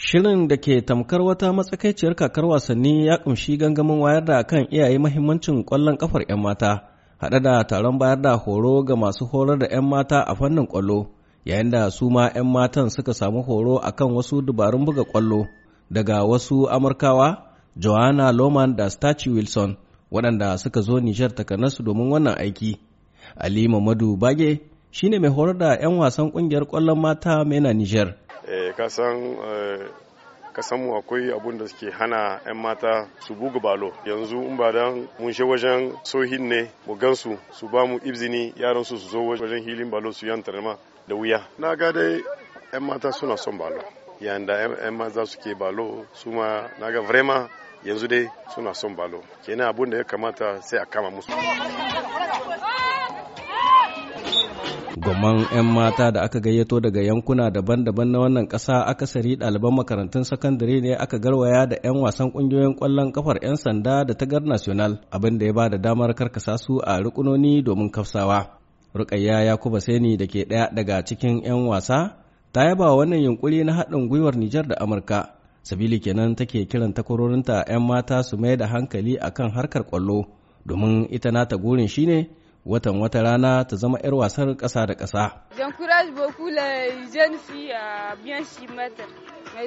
Shirin da ke tamkar wata matsakaiciyar kakar wasanni ya kumshi gangamin wayar da kan iyaye mahimmancin ƙwallon kafar 'yan mata, haɗe da taron bayar da horo ga masu horar da 'yan mata a fannin ƙwallo, yayin da su ma 'yan matan suka samu horo a kan wasu dabarun buga ƙwallo daga wasu Amurkawa, Joanna Loman da Stachy Wilson, waɗanda suka zo Nijar takanarsu domin wannan aiki. Ali Mamadu Bage shi ne mai horar da 'yan wasan ƙungiyar ƙwallon mata Mena Nijar. Eh, kasan eh, mu akwai abun da suke hana 'yan mata su buga balo yanzu in ba dan mun shi wajen sohin ne mu gansu su ba mu ibzini yaran su su zo wajen hilin balo su yan ma da wuya na ga dai 'yan mata suna son balo yayin da 'yan maza suke balo su ma na ga vrema yanzu dai suna son balo kenan abun da ya kamata sai a kama musu Gwamman 'yan mata da aka gayyato daga yankuna daban-daban na wannan ƙasa akasari ɗaliban makarantun sakandare ne aka garwaya da 'yan wasan ƙungiyoyin ƙwallon kafar 'yan sanda da tagar national abin da ya ba da damar karkasa su a rukunoni domin kafsawa. Rukayya Yakuba Seni da ke ɗaya daga cikin 'yan wasa ta yaba wannan yunkuri na haɗin gwiwar Nijar da Amurka. Sabili kenan take kiran takwarorinta 'yan mata su mai da hankali akan harkar kwallo domin ita nata gurin shine watan wata rana ta zama 'yar wasar ƙasa da ƙasa. jankuraj beaucoup les jeunes filles à mata euh,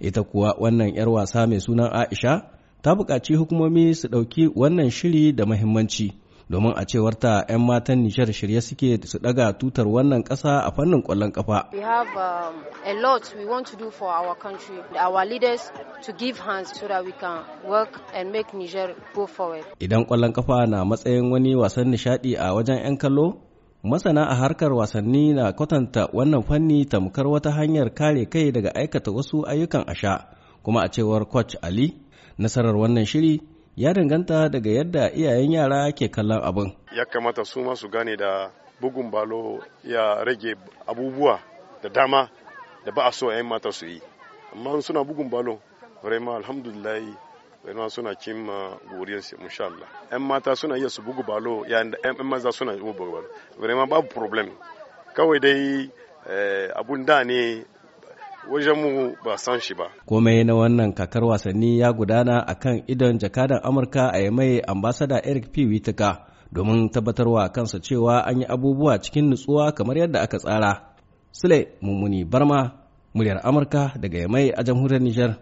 Ita kuwa wannan 'yar wasa mai sunan Aisha ta buƙaci hukumomi su ɗauki wannan shiri da muhimmanci. domin a cewar ta 'yan matan Nijar shirye suke su daga tutar wannan kasa a fannin kwallon kafa. We have um, a lot we want to for our country, our leaders to give hands so that can work and make Niger go Idan kwallon kafa na matsayin wani wasan nishaɗi a wajen 'yan kallo, masana a harkar wasanni na kwatanta wannan fanni tamkar wata hanyar kare kai daga aikata wasu ayyukan asha, kuma a cewar Coach Ali, nasarar wannan shiri ya danganta daga yadda iyayen yara ke kallon abin ya kamata su masu su gane da bugun balo ya rage abubuwa da dama da ba a so 'yan mata su yi amma suna bugun balo vraiment alhamdulillah vraiment suna cin goriyar su insha Allah yan mata suna iya su bugu balo yayin da yan maza suna iya bugu balo vraiment babu problem kawai dai eh, abun da ne wajen mu ba san shi ba. Komai na wannan kakar wasanni ya gudana a kan idon jakadan Amurka a yamai ambasada Eric P. Witeka domin tabbatarwa kansa cewa an yi abubuwa cikin nutsuwa kamar yadda aka tsara. Sule Mummuni Barma, muryar Amurka daga yamai a jamhuriyar Nijar.